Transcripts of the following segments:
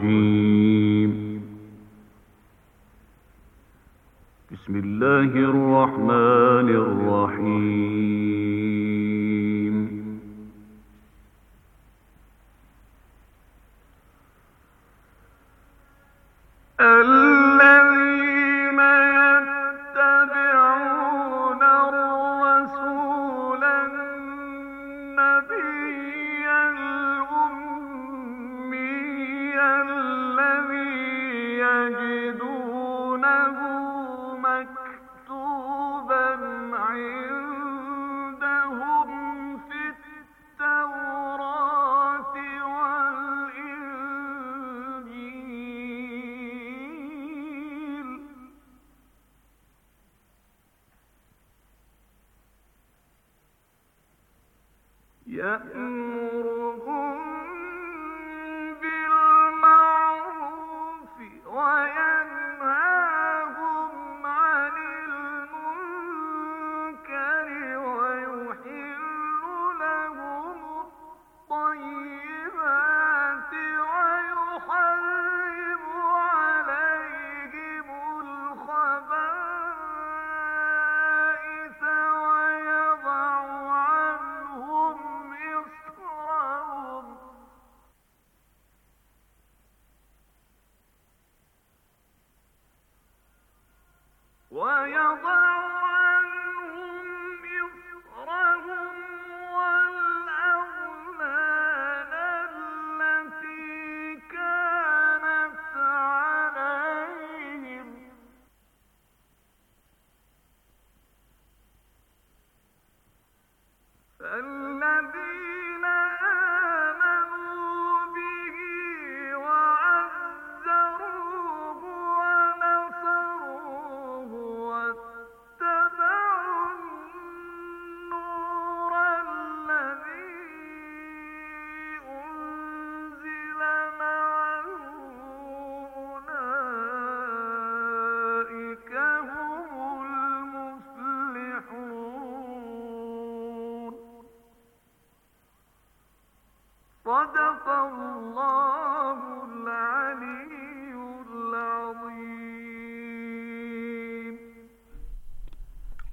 الرجيم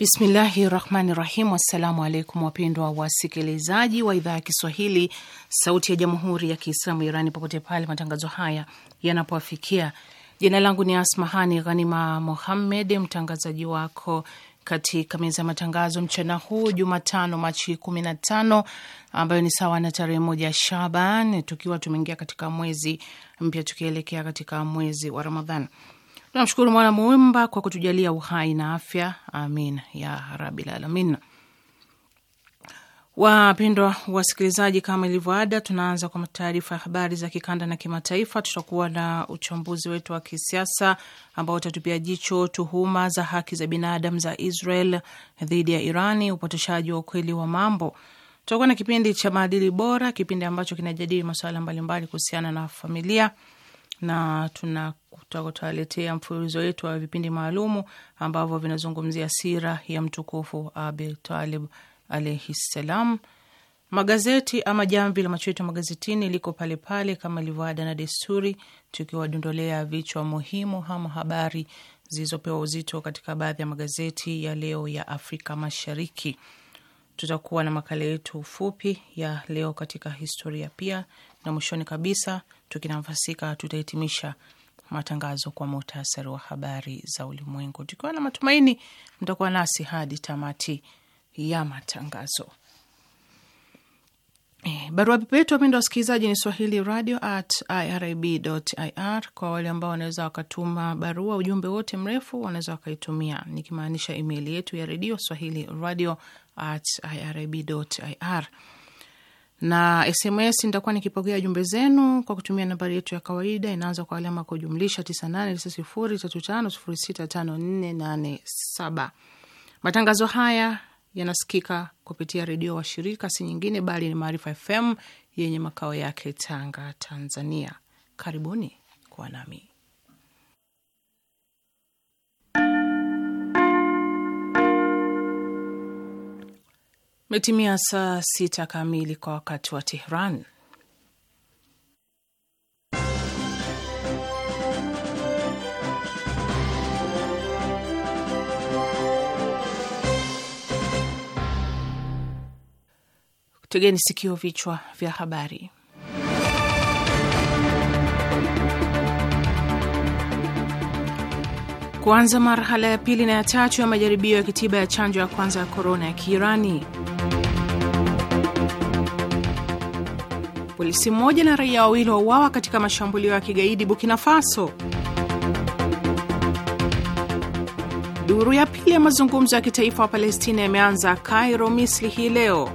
Bismillahi rahmani rahim. Assalamu alaikum wapendwa wasikilizaji wa idhaa ya Kiswahili sauti ya jamhuri ya Kiislamu Irani popote pale matangazo haya yanapoafikia. Jina langu ni Asmahani Ghanima muhammed mtangazaji wako katika meza ya matangazo mchana huu Jumatano Machi kumi na tano ambayo ni sawa na tarehe moja Shaban, tukiwa tumeingia katika mwezi mpya tukielekea katika mwezi wa Ramadhan. Tunamshukuru mwana Muumba kwa kutujalia uhai na afya, amin ya rabil alamin. Wapendwa wasikilizaji, kama ilivyo ada, tunaanza kwa taarifa ya habari za kikanda na kimataifa. Tutakuwa na uchambuzi wetu wa kisiasa ambao utatupia jicho tuhuma za haki za binadamu za Israel dhidi ya Irani, upotoshaji wa ukweli wa mambo. Tutakuwa na kipindi cha maadili bora, kipindi ambacho kinajadili masuala mbalimbali kuhusiana na familia na tutawaletea mfululizo wetu wa vipindi maalumu ambavyo vinazungumzia sira ya mtukufu Abi Talib alaihi ssalam. Magazeti ama jamvi la macho yetu magazetini liko pale pale kama ilivyo ada na desturi, tukiwadondolea vichwa muhimu ama habari zilizopewa uzito katika baadhi ya magazeti ya leo ya Afrika Mashariki. Tutakuwa na makala yetu fupi ya leo katika historia pia, na mwishoni kabisa Tukinafasika tutahitimisha matangazo kwa muhtasari wa habari za ulimwengu, tukiwa na matumaini mtakuwa nasi hadi tamati ya matangazo. Eh, barua pepe yetu wapenda wasikilizaji ni swahili radio at iribir ir. Kwa wale ambao wanaweza wakatuma barua ujumbe wote mrefu wanaweza wakaitumia, nikimaanisha email yetu ya redio swahili radio at irib ir na SMS nitakuwa nikipokea jumbe zenu kwa kutumia nambari yetu ya kawaida, inaanza kwa alama kujumlisha 989035065487. Matangazo haya yanasikika kupitia redio wa shirika si nyingine bali ni Maarifa FM yenye makao yake Tanga, Tanzania. Karibuni kwa nami Metimia saa sita kamili kwa wakati wa Tehran. Tegeni sikio, vichwa vya habari. Kuanza marhala ya pili na ya tatu ya majaribio ya kitiba ya chanjo ya kwanza ya korona ya Kiirani. polisi mmoja na raia wawili wauawa katika mashambulio ya kigaidi Burkina Faso. Duru ya pili ya mazungumzo ya kitaifa wa Palestina yameanza Cairo, Misri hii leo.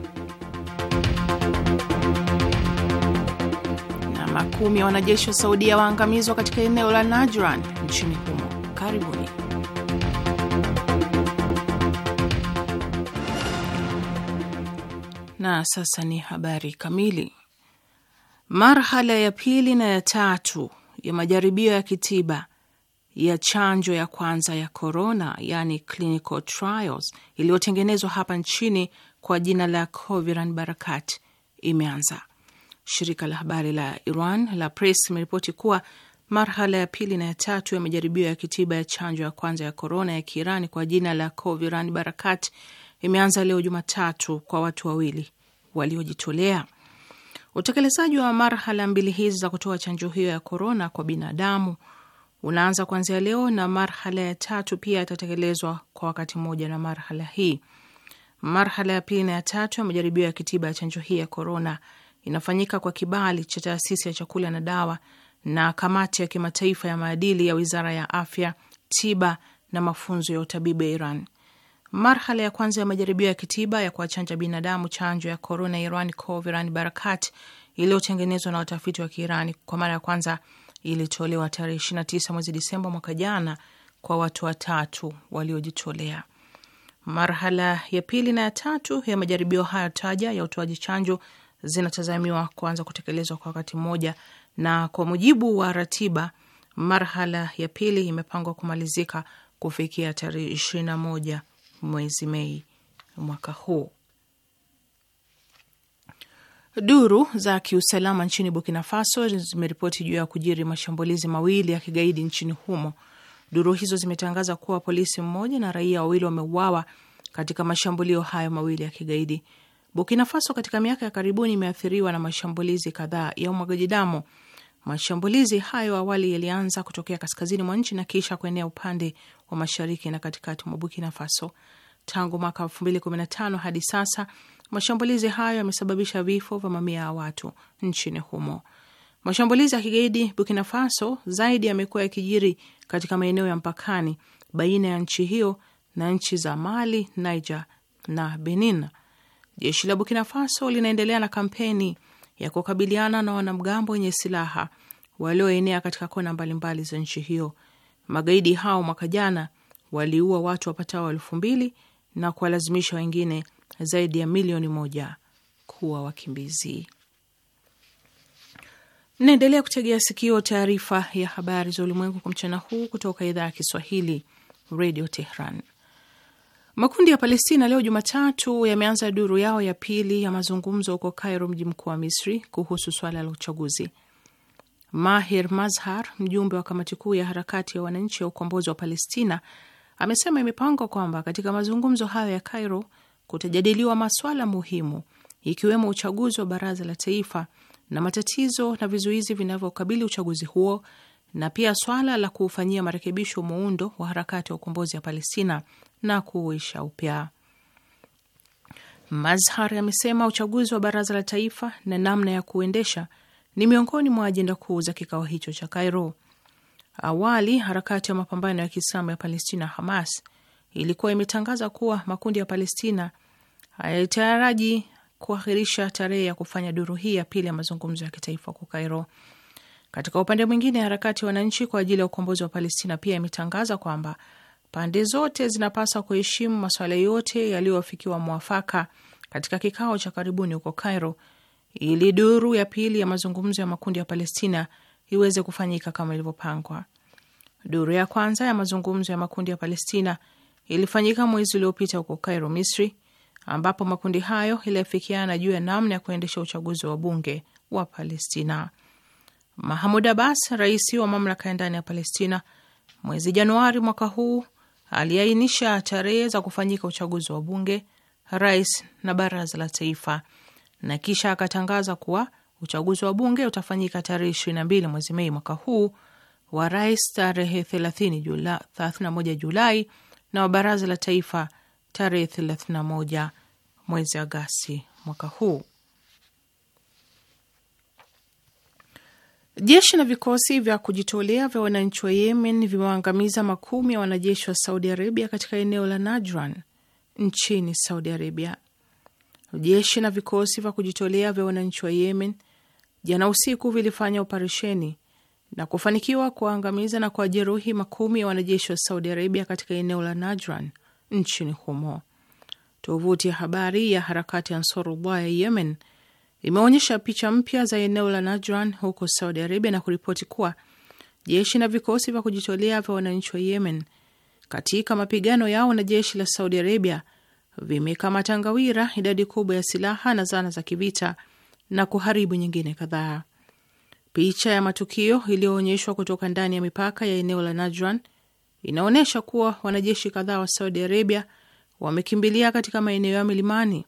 Na makumi ya wanajeshi wa Saudia waangamizwa katika eneo la Najran nchini humo. Karibuni. Na sasa ni habari kamili. Marhala ya pili na ya tatu ya majaribio ya kitiba ya chanjo ya kwanza ya corona, yani clinical trials, iliyotengenezwa hapa nchini kwa jina la Coviran Barakat imeanza. Shirika la habari la Iran la Press imeripoti kuwa marhala ya pili na ya tatu ya majaribio ya kitiba ya chanjo ya kwanza ya korona ya Kiirani kwa jina la Coviran Barakat imeanza leo Jumatatu kwa watu wawili waliojitolea. Utekelezaji wa marhala mbili hizi za kutoa chanjo hiyo ya korona kwa binadamu unaanza kuanzia leo na marhala ya tatu pia yatatekelezwa kwa wakati mmoja na marhala hii. Marhala ya pili na ya tatu ya majaribio ya kitiba ya chanjo hii ya korona inafanyika kwa kibali cha taasisi ya chakula na dawa na kamati ya kimataifa ya maadili ya wizara ya afya, tiba na mafunzo ya utabibu ya Iran. Marhala ya kwanza ya majaribio ya kitiba ya kuwachanja binadamu chanjo ya korona Iran Coviran Barakat iliyotengenezwa na watafiti wa Kiirani kwa mara ya kwanza ilitolewa tarehe 29 mwezi Disemba mwaka jana kwa watu watatu waliojitolea. Marhala ya pili na ya tatu ya majaribio hayo taja ya utoaji chanjo zinatazamiwa kuanza kutekelezwa kwa wakati mmoja, na kwa mujibu wa ratiba, marhala ya pili imepangwa kumalizika kufikia tarehe moja mwezi Mei mwaka huu. Duru za kiusalama nchini Burkina Faso zimeripoti juu ya kujiri mashambulizi mawili ya kigaidi nchini humo. Duru hizo zimetangaza kuwa polisi mmoja na raia wawili wameuawa katika mashambulio hayo mawili ya kigaidi. Burkina Faso katika miaka ya karibuni imeathiriwa na mashambulizi kadhaa ya umwagaji damu Mashambulizi hayo awali yalianza kutokea kaskazini mwa nchi na kisha kuenea upande wa mashariki na katikati mwa Burkina Faso. Tangu mwaka 2015 hadi sasa, mashambulizi hayo yamesababisha vifo vya mamia ya watu nchini humo. Mashambulizi ya kigaidi Burkina Faso zaidi yamekuwa yakijiri katika maeneo ya mpakani baina ya nchi hiyo na nchi za Mali, Niger na Benin. Jeshi la Burkina Faso linaendelea na kampeni ya kukabiliana na wanamgambo wenye silaha walioenea katika kona mbalimbali za nchi hiyo. Magaidi hao mwaka jana waliua watu wapatao elfu mbili na kuwalazimisha wengine zaidi ya milioni moja kuwa wakimbizi. naendelea kutegea sikio taarifa ya habari za ulimwengu kwa mchana huu kutoka idhaa ya Kiswahili, Radio Tehran. Makundi ya Palestina leo Jumatatu yameanza duru yao ya pili ya mazungumzo huko Cairo, mji mkuu wa Misri, kuhusu swala la uchaguzi. Mahir Mazhar, mjumbe wa kamati kuu ya harakati ya wananchi ya ukombozi wa Palestina, amesema imepangwa kwamba katika mazungumzo hayo ya Cairo kutajadiliwa maswala muhimu ikiwemo uchaguzi wa baraza la taifa na matatizo na vizuizi vinavyokabili uchaguzi huo na pia swala la kuufanyia marekebisho muundo wa harakati ya ukombozi wa Palestina na kuuisha upya. Mazhar amesema uchaguzi wa baraza la taifa na namna ya kuendesha ni miongoni mwa ajenda kuu za kikao hicho cha Cairo. Awali harakati ya mapambano ya Kiislamu ya Palestina Hamas ilikuwa imetangaza kuwa makundi ya Palestina hayataraji kuahirisha tarehe ya kufanya duru hii ya pili ya mazungumzo ya kitaifa huko Cairo. Katika upande mwingine, harakati ya wananchi kwa ajili ya ukombozi wa Palestina pia imetangaza kwamba pande zote zinapaswa kuheshimu masuala yote yaliyoafikiwa mwafaka katika kikao cha karibuni huko Cairo ili duru ya pili ya mazungumzo ya makundi ya Palestina iweze kufanyika kama ilivyopangwa. Duru ya kwanza ya mazungumzo ya makundi ya Palestina ilifanyika mwezi uliopita huko Cairo, Misri, ambapo makundi hayo yaliafikiana juu ya namna ya kuendesha uchaguzi wa bunge wa Palestina. Mahmud Abbas, rais wa mamlaka ya ndani ya Palestina, mwezi Januari mwaka huu aliainisha tarehe za kufanyika uchaguzi wa bunge, rais na baraza la taifa, na kisha akatangaza kuwa uchaguzi wa bunge utafanyika tarehe mbili mwezi Mei mwaka huu, wa rais tarehe thelathini Julai, moja Julai na wa baraza la taifa tarehe 31 mwezi Agasti mwaka huu. Jeshi na vikosi vya kujitolea vya wananchi wa Yemen vimewaangamiza makumi ya wanajeshi wa Saudi Arabia katika eneo la Najran nchini Saudi Arabia. Jeshi na vikosi vya kujitolea vya wananchi wa Yemen jana usiku vilifanya operesheni na kufanikiwa kuwaangamiza na kuwajeruhi makumi ya wanajeshi wa Saudi Arabia katika eneo la Najran nchini humo. Tovuti ya habari ya harakati Ansarullah ya Yemen imeonyesha picha mpya za eneo la Najran huko Saudi Arabia na kuripoti kuwa jeshi na vikosi vya kujitolea vya wananchi wa Yemen katika mapigano yao na jeshi la Saudi Arabia vimekamata ngawira idadi kubwa ya silaha na zana za kivita na kuharibu nyingine kadhaa. Picha ya matukio iliyoonyeshwa kutoka ndani ya mipaka ya eneo la Najran inaonyesha kuwa wanajeshi kadhaa wa Saudi Arabia wamekimbilia katika maeneo ya milimani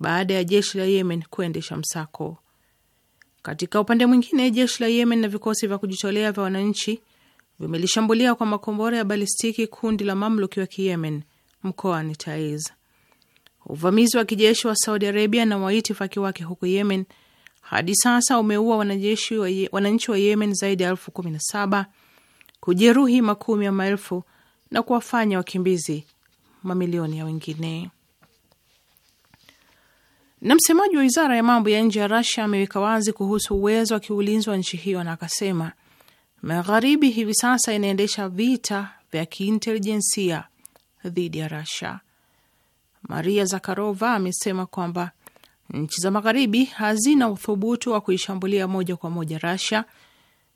baada ya jeshi la Yemen kuendesha msako. Katika upande mwingine, jeshi la Yemen na vikosi vya kujitolea vya wananchi vimelishambulia kwa makombora ya balistiki kundi la mamluki wa Kiyemen mkoani Taiz. Uvamizi wa kijeshi wa Saudi Arabia na waitifaki wake huko Yemen hadi sasa umeua wanajeshi wa ye, wananchi wa Yemen zaidi ya elfu kumi na saba, kujeruhi makumi ya maelfu na kuwafanya wakimbizi mamilioni ya wengine. Na msemaji wa wizara ya mambo ya nje ya Rasia ameweka wazi kuhusu uwezo wa kiulinzi wa nchi hiyo na akasema, magharibi hivi sasa inaendesha vita vya kiintelijensia dhidi ya Rasia. Maria Zakharova amesema kwamba nchi za magharibi hazina uthubutu wa kuishambulia moja kwa moja Rasia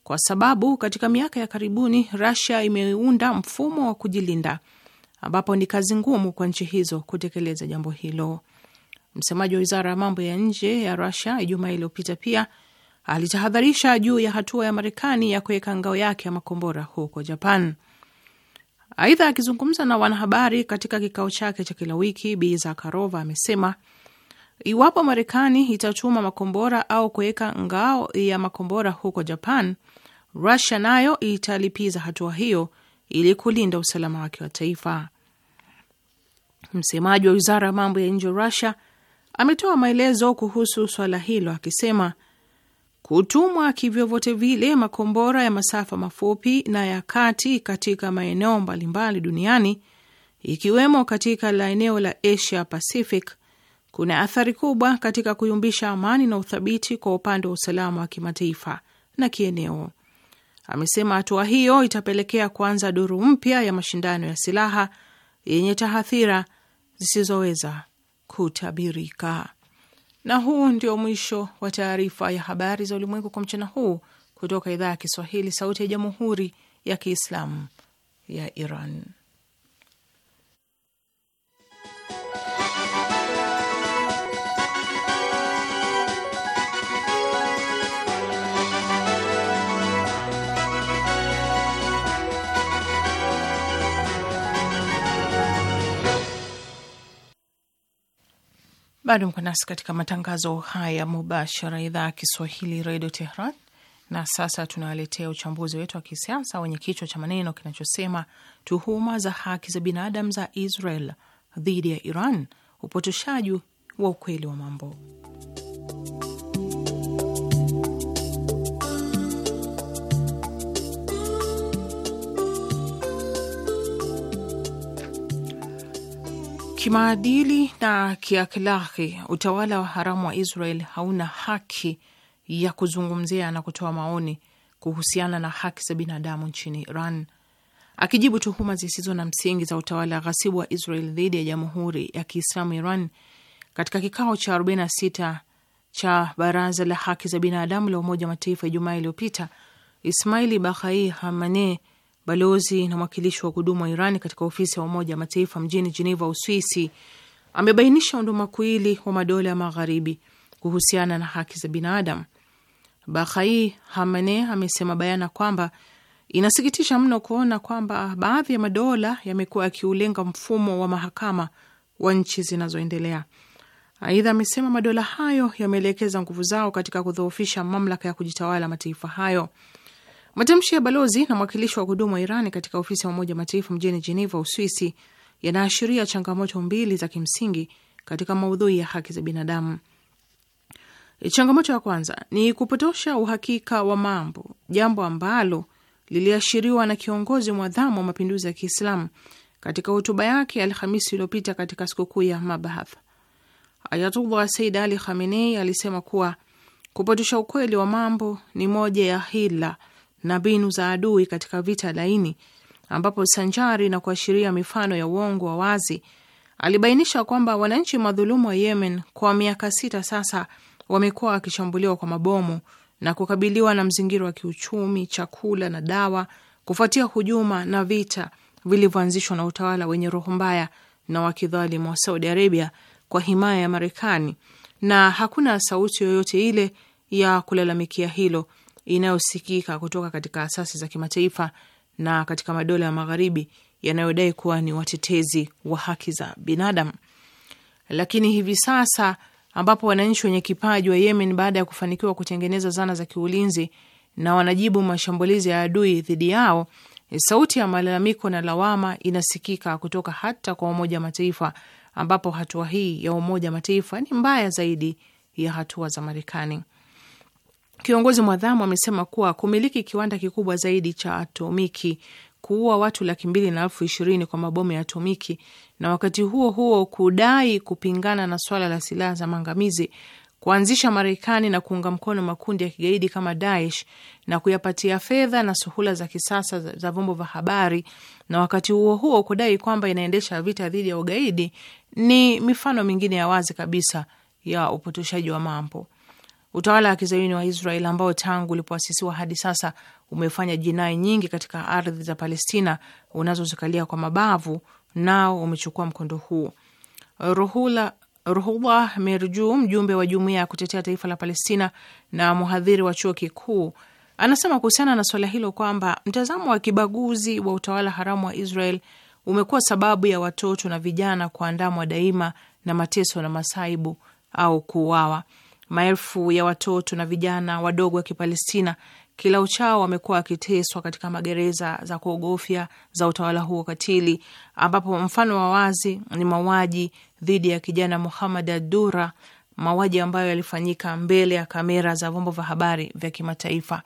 kwa sababu katika miaka ya karibuni Rasia imeunda mfumo wa kujilinda ambapo ni kazi ngumu kwa nchi hizo kutekeleza jambo hilo. Msemaji wa wizara ya mambo ya nje ya Rusia Ijumaa iliyopita pia alitahadharisha juu ya hatua ya Marekani ya kuweka ngao yake ya makombora huko Japan. Aidha, akizungumza na wanahabari katika kikao chake cha kila wiki, Bi Zakarova amesema iwapo Marekani itatuma makombora au kuweka ngao ya makombora huko Japan, Rusia nayo italipiza hatua hiyo ili kulinda usalama wake wa taifa. Msemaji wa wizara ya mambo ya nje wa Rusia ametoa maelezo kuhusu swala hilo akisema kutumwa kivyovyote vile makombora ya masafa mafupi na ya kati katika maeneo mbalimbali duniani ikiwemo katika la eneo la Asia Pacific kuna athari kubwa katika kuyumbisha amani na uthabiti kwa upande wa usalama wa kimataifa na kieneo. Amesema hatua hiyo itapelekea kuanza duru mpya ya mashindano ya silaha yenye tahathira zisizoweza kutabirika. Na huu ndio mwisho wa taarifa ya habari za ulimwengu kwa mchana huu kutoka idhaa ya Kiswahili, Sauti ya Jamhuri ya Kiislamu ya Iran. Bado mko nasi katika matangazo haya mubashara, idhaa ya Kiswahili redio Tehran. Na sasa tunawaletea uchambuzi wetu wa kisiasa wenye kichwa cha maneno kinachosema tuhuma za haki za binadamu za Israel dhidi ya Iran, upotoshaji wa ukweli wa mambo. Kimaadili na kiakhlaki, utawala wa haramu wa Israel hauna haki ya kuzungumzia na kutoa maoni kuhusiana na haki za binadamu nchini Iran. Akijibu tuhuma zisizo na msingi za utawala ghasibu wa Israel dhidi ya jamhuri ya Kiislamu Iran katika kikao cha 46 cha Baraza la Haki za Binadamu la Umoja wa Mataifa Ijumaa iliyopita, Ismaili Bahai Hamane balozi na mwakilishi wa kudumu wa Iran katika ofisi ya Umoja wa Mataifa mjini Jeneva, Uswisi, amebainisha undumakuili wa madola ya magharibi kuhusiana na haki za binadamu. Bahai Hamane amesema bayana kwamba inasikitisha mno kuona kwamba baadhi ya madola yamekuwa yakiulenga mfumo wa mahakama wa nchi zinazoendelea. Aidha, amesema madola hayo yameelekeza nguvu zao katika kudhoofisha mamlaka ya kujitawala mataifa hayo. Matamshi ya balozi na mwakilishi wa kudumu wa Irani katika ofisi ya Umoja Mataifa mjini Jeneva, Uswisi, yanaashiria changamoto mbili za kimsingi katika maudhui ya haki za binadamu. E, changamoto ya kwanza ni kupotosha uhakika wa mambo, jambo ambalo liliashiriwa na kiongozi mwadhamu wa mapinduzi ya Kiislamu katika hotuba yake Alhamisi iliyopita katika sikukuu ya Mabath. Ayatullah Said Ali Khamenei alisema kuwa kupotosha ukweli wa mambo ni moja ya hila na mbinu za adui katika vita laini, ambapo sanjari na kuashiria mifano ya uongo wa wazi alibainisha kwamba wananchi madhulumu wa Yemen kwa miaka sita sasa wamekuwa wakishambuliwa kwa mabomu na kukabiliwa na mzingiro wa kiuchumi, chakula na dawa kufuatia hujuma na vita vilivyoanzishwa na utawala wenye roho mbaya na wakidhalimu wa Saudi Arabia kwa himaya ya Marekani, na hakuna sauti yoyote ile ya kulalamikia hilo inayosikika kutoka katika asasi za kimataifa na katika madola ya magharibi yanayodai kuwa ni watetezi wa haki za binadamu. Lakini hivi sasa ambapo wananchi wenye kipaji wa Yemen baada ya kufanikiwa kutengeneza zana za kiulinzi na wanajibu mashambulizi ya adui dhidi yao, sauti ya malalamiko na lawama inasikika kutoka hata kwa Umoja wa Mataifa, ambapo hatua hii ya Umoja wa Mataifa ni mbaya zaidi ya hatua za Marekani. Kiongozi mwadhamu amesema kuwa kumiliki kiwanda kikubwa zaidi cha atomiki, kuua watu laki mbili na elfu ishirini kwa mabomu ya atomiki, na wakati huo huo kudai kupingana na swala la silaha za maangamizi, kuanzisha Marekani na kuunga mkono makundi ya kigaidi kama Daesh na kuyapatia fedha na suhula za kisasa za vyombo vya habari, na wakati huo huo kudai kwamba inaendesha vita dhidi ya ugaidi, ni mifano mingine ya wazi kabisa ya upotoshaji wa mambo. Utawala wa kizayuni wa Israel ambao tangu ulipoasisiwa hadi sasa umefanya jinai nyingi katika ardhi za Palestina unazozikalia kwa mabavu, nao umechukua mkondo huu. Ruhula Ruhullah Merju, mjumbe wa jumuiya ya kutetea taifa la Palestina na mhadhiri wa chuo kikuu, anasema kuhusiana na swala hilo kwamba mtazamo wa kibaguzi wa utawala haramu wa Israel umekuwa sababu ya watoto na vijana kuandamwa daima na mateso na masaibu au kuuawa. Maelfu ya watoto na vijana wadogo wa Kipalestina kila uchao wamekuwa wakiteswa katika magereza za kuogofya za utawala huo katili, ambapo mfano wa wazi ni mauaji dhidi ya kijana Muhamad Adura, mauaji ambayo yalifanyika mbele ya kamera za vyombo vya habari vya kimataifa.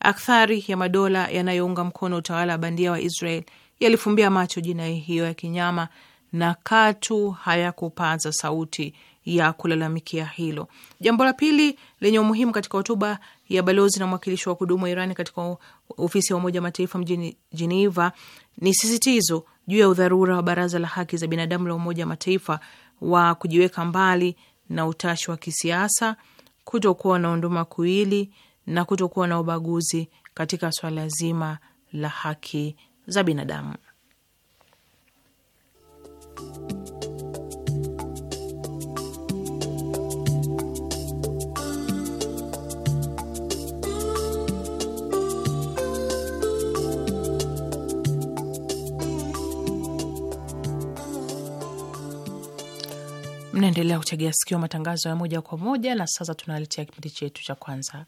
Akthari ya madola yanayounga mkono utawala wa bandia wa Israel yalifumbia macho jinai hiyo ya kinyama na katu hayakupaza sauti ya kulalamikia hilo. Jambo la pili lenye umuhimu katika hotuba ya balozi na mwakilishi wa kudumu wa Irani katika ofisi ya Umoja Mataifa mjini Geneva ni sisitizo juu ya udharura wa Baraza la Haki za Binadamu la Umoja Mataifa wa kujiweka mbali na utashi wa kisiasa, kutokuwa na unduma kuili na kutokuwa na ubaguzi katika swala zima la haki za binadamu. Mnaendelea kuchegea sikio matangazo ya moja kwa moja, na sasa tunaletea kipindi chetu cha kwanza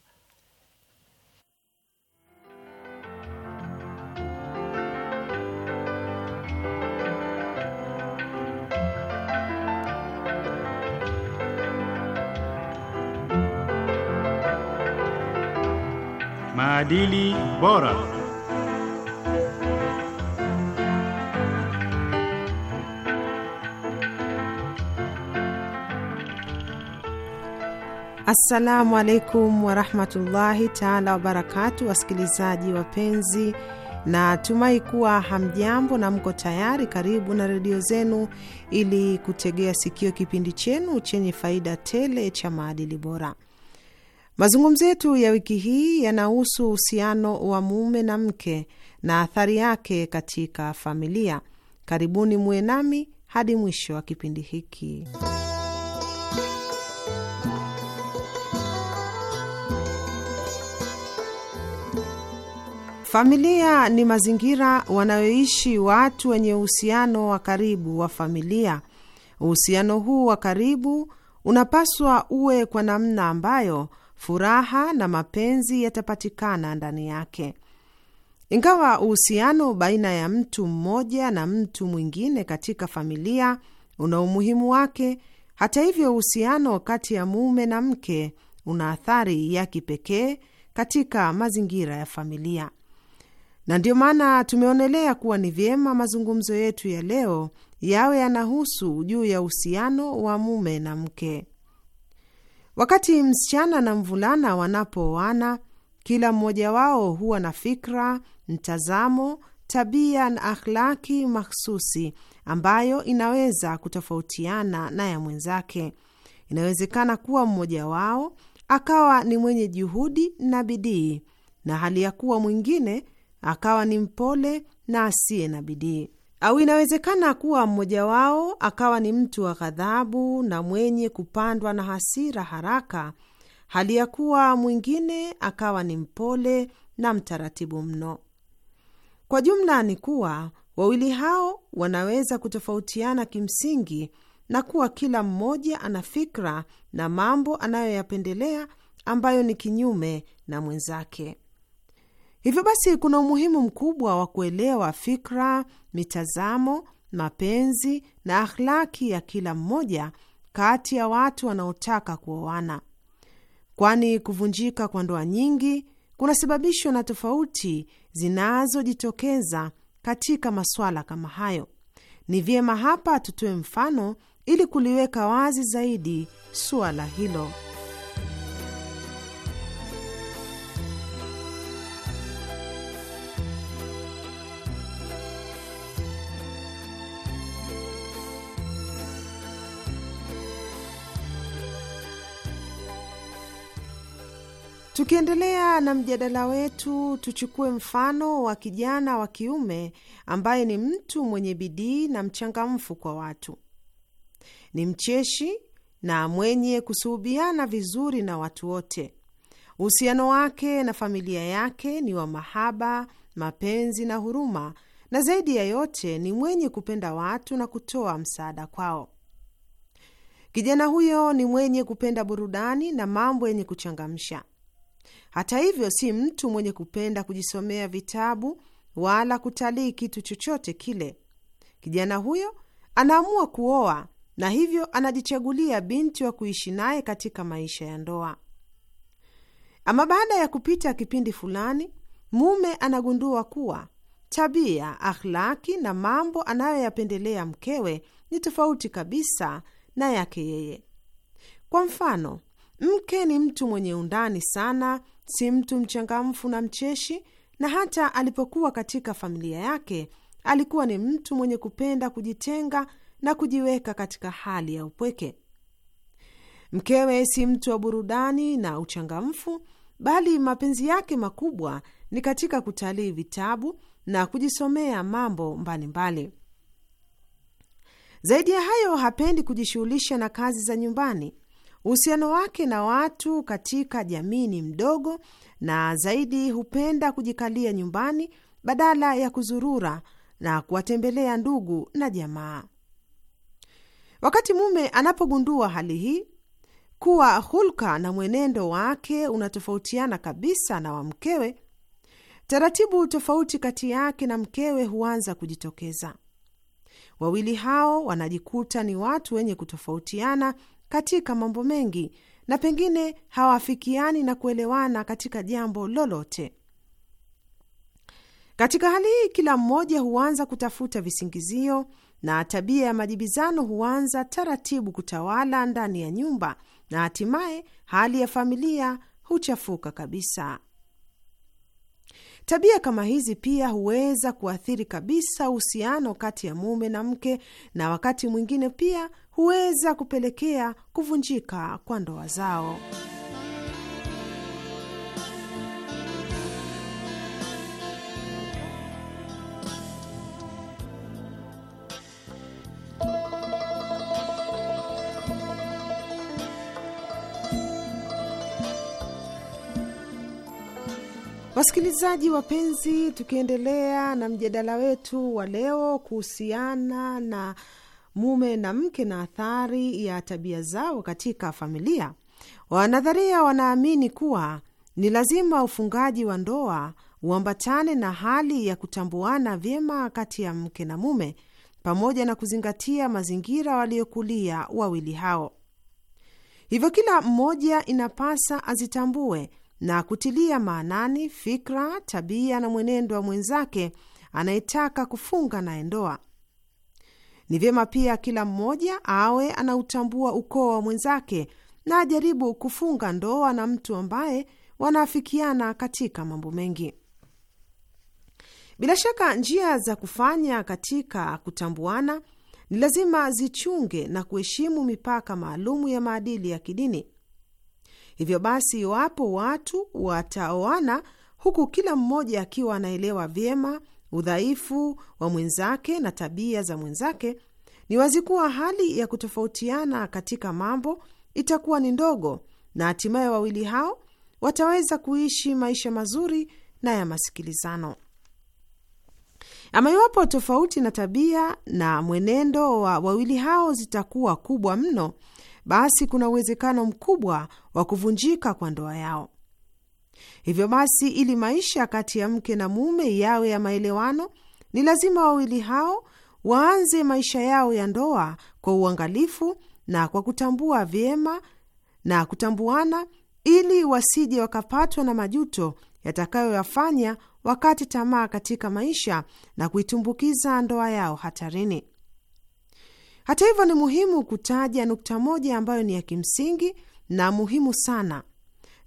maadili bora. Assalamu alaikum warahmatullahi taala wabarakatu, wasikilizaji wapenzi, na tumai kuwa hamjambo na mko tayari karibu na redio zenu ili kutegea sikio kipindi chenu chenye faida tele cha maadili bora. Mazungumzo yetu ya wiki hii yanahusu uhusiano wa mume na mke na athari yake katika familia. Karibuni muwe nami hadi mwisho wa kipindi hiki. Familia ni mazingira wanayoishi watu wenye uhusiano wa karibu wa familia. Uhusiano huu wa karibu unapaswa uwe kwa namna ambayo furaha na mapenzi yatapatikana ndani yake. Ingawa uhusiano baina ya mtu mmoja na mtu mwingine katika familia una umuhimu wake, hata hivyo, uhusiano kati ya mume na mke una athari ya kipekee katika mazingira ya familia na ndiyo maana tumeonelea kuwa ni vyema mazungumzo yetu ya leo yawe yanahusu juu ya uhusiano wa mume na mke. Wakati msichana na mvulana wanapooana, kila mmoja wao huwa na fikra, mtazamo, tabia na akhlaki makhususi ambayo inaweza kutofautiana na ya mwenzake. Inawezekana kuwa mmoja wao akawa ni mwenye juhudi na bidii na hali ya kuwa mwingine akawa ni mpole na asiye na bidii, au inawezekana kuwa mmoja wao akawa ni mtu wa ghadhabu na mwenye kupandwa na hasira haraka, hali ya kuwa mwingine akawa ni mpole na mtaratibu mno. Kwa jumla ni kuwa wawili hao wanaweza kutofautiana kimsingi na kuwa kila mmoja ana fikra na mambo anayoyapendelea ambayo ni kinyume na mwenzake. Hivyo basi kuna umuhimu mkubwa wa kuelewa fikra, mitazamo, mapenzi na akhlaki ya kila mmoja kati ya watu wanaotaka kuoana, kwani kuvunjika kwa ndoa nyingi kunasababishwa na tofauti zinazojitokeza katika masuala kama hayo. Ni vyema hapa tutoe mfano ili kuliweka wazi zaidi suala hilo. Tukiendelea na mjadala wetu, tuchukue mfano wa kijana wa kiume ambaye ni mtu mwenye bidii na mchangamfu kwa watu, ni mcheshi na mwenye kusuhubiana vizuri na watu wote. Uhusiano wake na familia yake ni wa mahaba, mapenzi na huruma, na zaidi ya yote ni mwenye kupenda watu na kutoa msaada kwao. Kijana huyo ni mwenye kupenda burudani na mambo yenye kuchangamsha. Hata hivyo, si mtu mwenye kupenda kujisomea vitabu wala kutalii kitu chochote kile. Kijana huyo anaamua kuoa na hivyo anajichagulia binti wa kuishi naye katika maisha ya ndoa. Ama baada ya kupita kipindi fulani, mume anagundua kuwa tabia, akhlaki na mambo anayoyapendelea mkewe ni tofauti kabisa na yake yeye. Kwa mfano, mke ni mtu mwenye undani sana si mtu mchangamfu na mcheshi, na hata alipokuwa katika familia yake alikuwa ni mtu mwenye kupenda kujitenga na kujiweka katika hali ya upweke. Mkewe si mtu wa burudani na uchangamfu, bali mapenzi yake makubwa ni katika kutalii vitabu na kujisomea mambo mbalimbali mbali. Zaidi ya hayo, hapendi kujishughulisha na kazi za nyumbani Uhusiano wake na watu katika jamii ni mdogo na zaidi hupenda kujikalia nyumbani badala ya kuzurura na kuwatembelea ndugu na jamaa. Wakati mume anapogundua hali hii kuwa hulka na mwenendo wake unatofautiana kabisa na wa mkewe, taratibu tofauti kati yake na mkewe huanza kujitokeza. Wawili hao wanajikuta ni watu wenye kutofautiana katika mambo mengi na pengine hawafikiani na kuelewana katika jambo lolote. Katika hali hii, kila mmoja huanza kutafuta visingizio na tabia ya majibizano huanza taratibu kutawala ndani ya nyumba na hatimaye hali ya familia huchafuka kabisa. Tabia kama hizi pia huweza kuathiri kabisa uhusiano kati ya mume na mke, na wakati mwingine pia huweza kupelekea kuvunjika kwa ndoa zao. Wasikilizaji wapenzi, tukiendelea na mjadala wetu wa leo kuhusiana na mume na mke na athari ya tabia zao katika familia, wanadharia wanaamini kuwa ni lazima ufungaji wa ndoa uambatane na hali ya kutambuana vyema kati ya mke na mume pamoja na kuzingatia mazingira waliokulia wawili hao. Hivyo kila mmoja inapasa azitambue na kutilia maanani fikra, tabia na mwenendo wa mwenzake anayetaka kufunga naye ndoa. Ni vyema pia kila mmoja awe anautambua ukoo wa mwenzake na ajaribu kufunga ndoa na mtu ambaye wanaafikiana katika mambo mengi. Bila shaka njia za kufanya katika kutambuana ni lazima zichunge na kuheshimu mipaka maalumu ya maadili ya kidini Hivyo basi, iwapo watu wataoana huku kila mmoja akiwa anaelewa vyema udhaifu wa mwenzake na tabia za mwenzake, ni wazi kuwa hali ya kutofautiana katika mambo itakuwa ni ndogo, na hatimaye wawili hao wataweza kuishi maisha mazuri na ya masikilizano. Ama iwapo tofauti na tabia na mwenendo wa wawili hao zitakuwa kubwa mno, basi kuna uwezekano mkubwa wa kuvunjika kwa ndoa yao. Hivyo basi, ili maisha kati ya mke na mume yawe ya maelewano, ni lazima wawili hao waanze maisha yao ya ndoa kwa uangalifu na kwa kutambua vyema na kutambuana, ili wasije wakapatwa na majuto yatakayoyafanya wakati tamaa katika maisha na kuitumbukiza ndoa yao hatarini. Hata hivyo, ni muhimu kutaja nukta moja ambayo ni ya kimsingi na muhimu sana.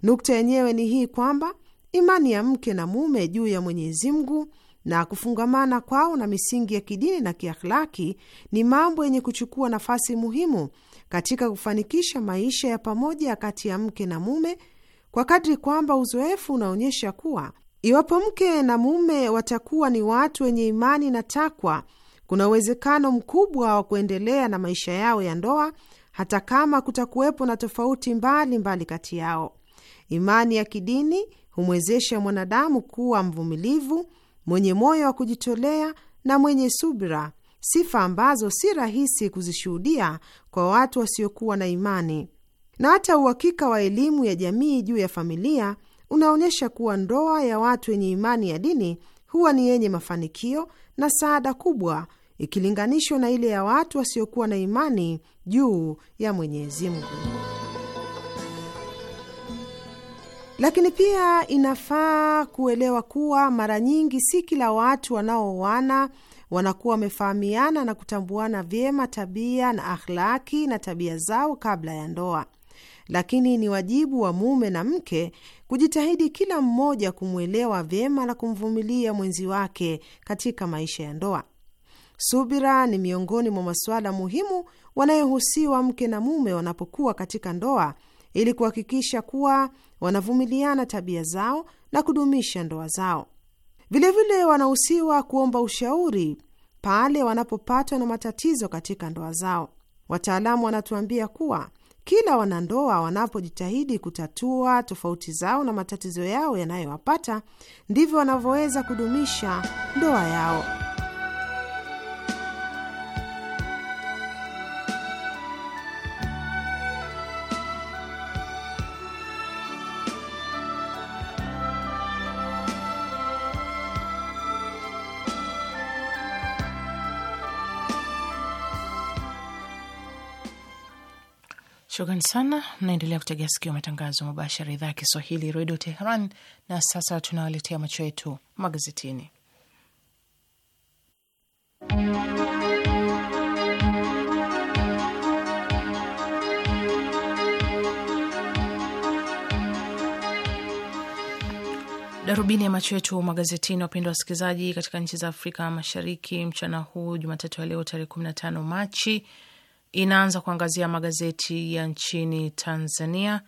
Nukta yenyewe ni hii kwamba imani ya mke na mume juu ya Mwenyezi Mungu na kufungamana kwao na misingi ya kidini na kiakhlaki ni mambo yenye kuchukua nafasi muhimu katika kufanikisha maisha ya pamoja kati ya mke na mume, kwa kadri kwamba uzoefu unaonyesha kuwa iwapo mke na mume watakuwa ni watu wenye imani na takwa kuna uwezekano mkubwa wa kuendelea na maisha yao ya ndoa hata kama kutakuwepo na tofauti mbalimbali mbali kati yao. Imani ya kidini humwezesha mwanadamu kuwa mvumilivu, mwenye moyo wa kujitolea na mwenye subira, sifa ambazo si rahisi kuzishuhudia kwa watu wasiokuwa na imani. Na hata uhakika wa elimu ya jamii juu ya familia unaonyesha kuwa ndoa ya watu wenye imani ya dini huwa ni yenye mafanikio na saada kubwa ikilinganishwa na ile ya watu wasiokuwa na imani juu ya Mwenyezi Mungu. Lakini pia inafaa kuelewa kuwa mara nyingi si kila watu wanaooana wanakuwa wamefahamiana na kutambuana vyema tabia na akhlaki na tabia zao kabla ya ndoa lakini ni wajibu wa mume na mke kujitahidi kila mmoja kumwelewa vyema na kumvumilia mwenzi wake katika maisha ya ndoa. Subira ni miongoni mwa masuala muhimu wanayohusiwa mke na mume wanapokuwa katika ndoa ili kuhakikisha kuwa wanavumiliana tabia zao na kudumisha ndoa zao. Vilevile wanahusiwa kuomba ushauri pale wanapopatwa na matatizo katika ndoa zao. Wataalamu wanatuambia kuwa kila wanandoa wanapojitahidi kutatua tofauti zao na matatizo yao yanayowapata, ndivyo wanavyoweza kudumisha ndoa yao. Shukrani sana. Mnaendelea kutegea sikio matangazo mubashara, idhaa ya Kiswahili, redio Teheran. Na sasa tunawaletea macho yetu magazetini. Darubini ya macho yetu magazetini, wapendwa wasikilizaji, katika nchi za Afrika Mashariki mchana huu Jumatatu ya leo tarehe 15 Machi inaanza kuangazia magazeti ya nchini Tanzania.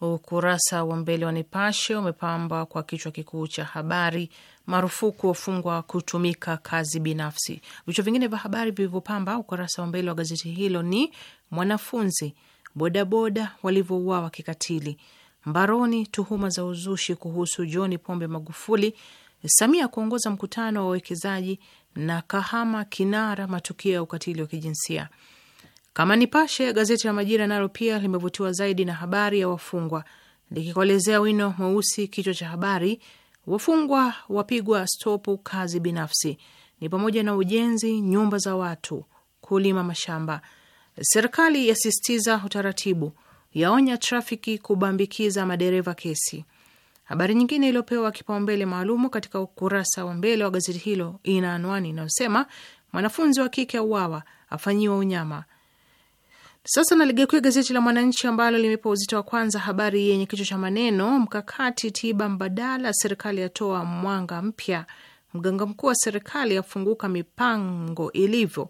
Ukurasa wa mbele wa Nipashe umepambwa kwa kichwa kikuu cha habari, marufuku wafungwa kutumika kazi binafsi. Vichwa vingine vya habari vilivyopamba ukurasa wa mbele wa gazeti hilo ni mwanafunzi bodaboda walivyouawa kikatili, mbaroni tuhuma za uzushi kuhusu John Pombe Magufuli, Samia kuongoza mkutano wa wawekezaji, na Kahama kinara matukio ya ukatili wa kijinsia. Kama Nipashe, gazeti la Majira nalo pia limevutiwa zaidi na habari ya wafungwa, likikolezea wino mweusi kichwa cha habari, wafungwa wapigwa stopu kazi binafsi, ni pamoja na ujenzi nyumba za watu, kulima mashamba. Serikali yasisitiza utaratibu, yaonya trafiki kubambikiza madereva kesi. Habari nyingine iliyopewa kipaumbele maalumu katika ukurasa wa mbele wa gazeti hilo ina anwani inayosema mwanafunzi wa kike auawa, afanyiwa unyama sasa naligeukia gazeti la Mwananchi ambalo limepa uzito wa kwanza habari yenye kichwa cha maneno mkakati tiba mbadala, serikali yatoa mwanga mpya, mganga mkuu wa serikali afunguka mipango ilivyo.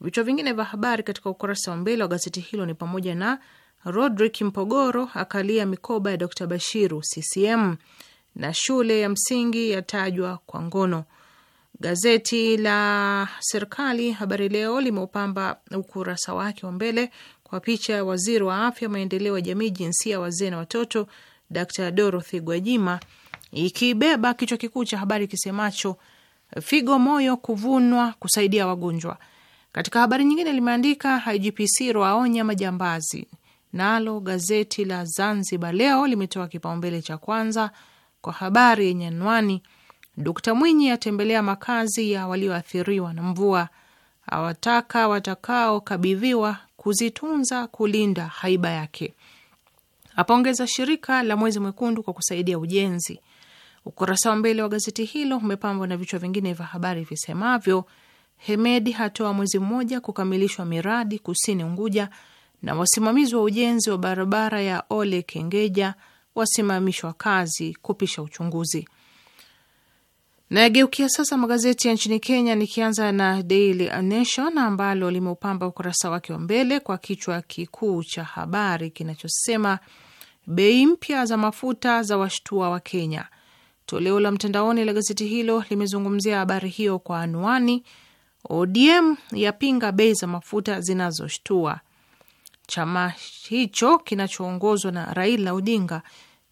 Vichwa vingine vya habari katika ukurasa wa mbele wa gazeti hilo ni pamoja na Rodrick Mpogoro akalia mikoba ya Dr Bashiru CCM na shule ya msingi yatajwa kwa ngono. Gazeti la serikali Habari Leo limeupamba ukurasa wake wa mbele kwa picha ya waziri wa afya, maendeleo ya jamii, jinsia, wazee na watoto, Dr Dorothy Gwajima, ikibeba kichwa kikuu cha habari kisemacho figo, moyo kuvunwa kusaidia wagonjwa. Katika habari nyingine limeandika IGPC rwaonya majambazi. Nalo gazeti la Zanzibar Leo limetoa kipaumbele cha kwanza kwa habari yenye anwani Dkt Mwinyi atembelea makazi ya walioathiriwa na mvua, awataka watakaokabidhiwa kuzitunza kulinda haiba yake. Apongeza shirika la Mwezi Mwekundu kwa kusaidia ujenzi. Ukurasa wa mbele wa gazeti hilo umepambwa na vichwa vingine vya habari visemavyo: Hemedi hatoa mwezi mmoja kukamilishwa miradi kusini Unguja, na wasimamizi wa ujenzi wa barabara ya Ole Kengeja wasimamishwa kazi kupisha uchunguzi. Nageukia sasa magazeti ya nchini Kenya, nikianza na Daily Nation ambalo limeupamba ukurasa wake wa mbele kwa kichwa kikuu cha habari kinachosema bei mpya za mafuta za washtua wa Kenya. Toleo la mtandaoni la gazeti hilo limezungumzia habari hiyo kwa anwani, ODM yapinga bei za mafuta zinazoshtua. Chama hicho kinachoongozwa na Raila Odinga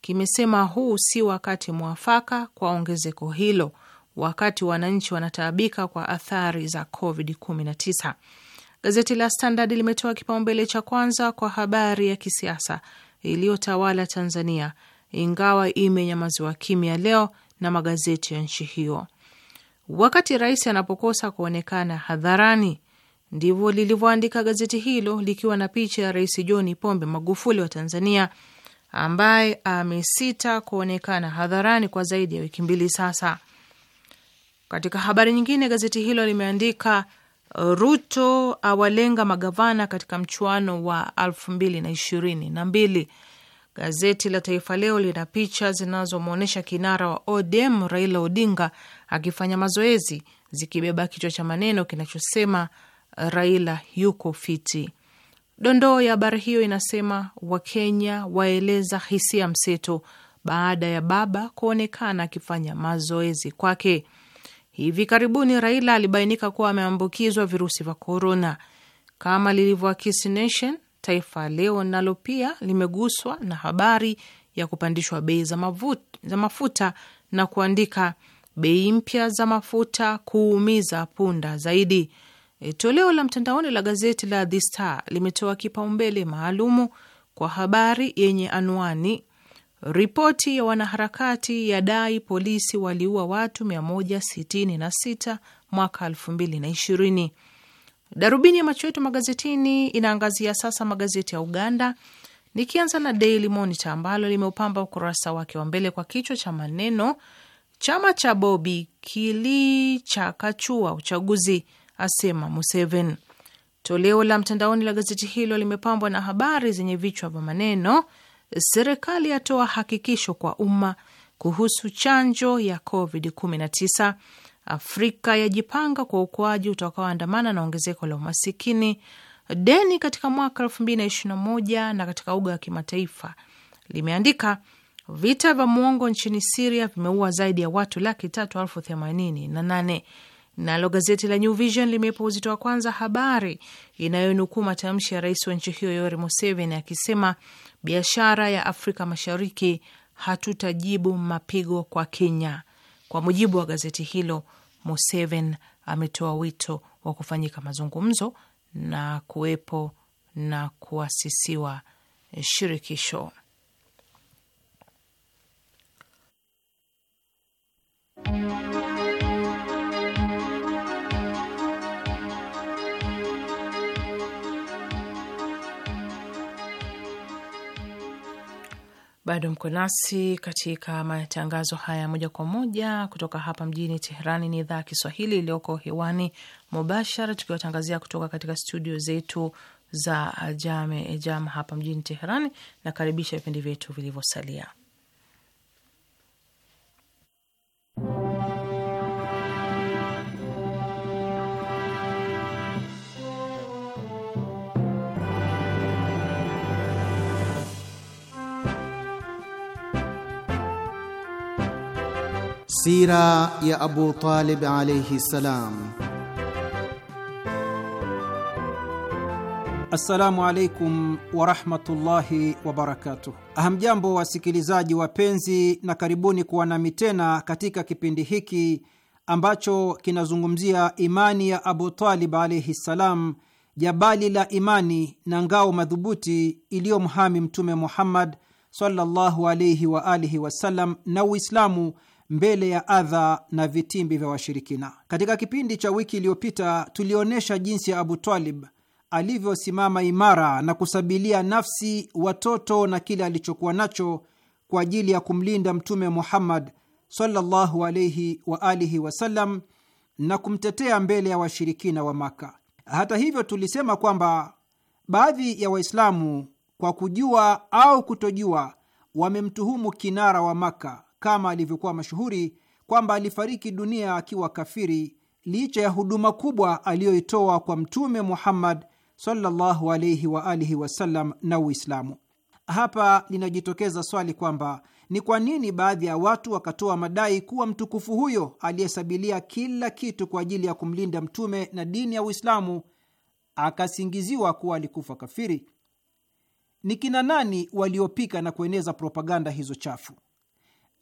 kimesema huu si wakati mwafaka kwa ongezeko hilo wakati wananchi wanataabika kwa athari za COVID-19. Gazeti la Standard limetoa kipaumbele cha kwanza kwa habari ya kisiasa iliyotawala Tanzania, ingawa imenyamaziwa kimya leo na magazeti ya nchi hiyo. Wakati rais anapokosa kuonekana hadharani, ndivyo lilivyoandika gazeti hilo, likiwa na picha ya Rais John Pombe Magufuli wa Tanzania ambaye amesita kuonekana hadharani kwa zaidi ya wiki mbili sasa. Katika habari nyingine, gazeti hilo limeandika uh, Ruto awalenga magavana katika mchuano wa elfu mbili na ishirini na mbili. Gazeti la Taifa Leo lina picha zinazomwonyesha kinara wa ODM Raila Odinga akifanya mazoezi zikibeba kichwa cha maneno kinachosema Raila yuko fiti. Dondoo ya habari hiyo inasema Wakenya waeleza hisia mseto baada ya baba kuonekana akifanya mazoezi kwake. Hivi karibuni Raila alibainika kuwa ameambukizwa virusi vya korona, kama lilivyoakisi Nation. Taifa Leo nalo pia limeguswa na habari ya kupandishwa bei za, za mafuta na kuandika bei mpya za mafuta kuumiza punda zaidi. E, toleo la mtandaoni la gazeti la The Star limetoa kipaumbele maalumu kwa habari yenye anwani Ripoti ya wanaharakati yadai polisi waliua watu 166 mwaka 2020. Darubini ya macho yetu magazetini inaangazia sasa magazeti ya Uganda, nikianza na Daily Monitor ambalo limeupamba ukurasa wake wa mbele kwa kichwa cha maneno chama cha Bobi kilichakachua uchaguzi, asema Museveni. Toleo la mtandaoni la gazeti hilo limepambwa na habari zenye vichwa vya maneno serikali yatoa hakikisho kwa umma kuhusu chanjo ya COVID-19. Afrika yajipanga kwa ukuaji utakaoandamana na ongezeko la umasikini. Deni katika mwaka 2021 na katika uga wa kimataifa limeandika vita vya mwongo nchini Siria vimeua zaidi ya watu laki tatu elfu themanini na nane. Nalo gazeti la New Vision limeipa uzito wa kwanza habari inayonukuu matamshi ya rais wa nchi hiyo Yoweri Museveni akisema biashara ya Afrika Mashariki, hatutajibu mapigo kwa Kenya. Kwa mujibu wa gazeti hilo, Museveni ametoa wito wa kufanyika mazungumzo na kuwepo na kuasisiwa shirikisho. Bado mko nasi katika matangazo haya moja kwa moja kutoka hapa mjini Teherani. Ni idhaa ya Kiswahili iliyoko hewani mubashara, tukiwatangazia kutoka katika studio zetu za Jame Jam hapa mjini Teherani. Nakaribisha vipindi vyetu vilivyosalia. Sira ya Abu Talib alayhi salam. Assalamu alaikum warahmatullahi wabarakatuh. Hamjambo wasikilizaji wapenzi, na karibuni kuwa nami tena katika kipindi hiki ambacho kinazungumzia imani ya Abu Talib alaihi ssalam, jabali la imani na ngao madhubuti iliyomhami Mtume Muhammad sallallahu alaihi waalihi wasallam na Uislamu mbele ya adha na vitimbi vya washirikina. Katika kipindi cha wiki iliyopita, tulionyesha jinsi ya Abu Talib alivyosimama imara na kusabilia nafsi, watoto na kile alichokuwa nacho kwa ajili ya kumlinda Mtume Muhammad sallallahu alaihi wa alihi wasallam na kumtetea mbele ya washirikina wa Maka. Hata hivyo, tulisema kwamba baadhi ya Waislamu kwa kujua au kutojua wamemtuhumu kinara wa Maka kama alivyokuwa mashuhuri kwamba alifariki dunia akiwa kafiri licha ya huduma kubwa aliyoitoa kwa Mtume Muhammad sallallahu alayhi wa alihi wasallam na Uislamu. Hapa linajitokeza swali kwamba ni kwa nini baadhi ya watu wakatoa madai kuwa mtukufu huyo aliyesabilia kila kitu kwa ajili ya kumlinda mtume na dini ya Uislamu akasingiziwa kuwa alikufa kafiri? Ni kina nani waliopika na kueneza propaganda hizo chafu?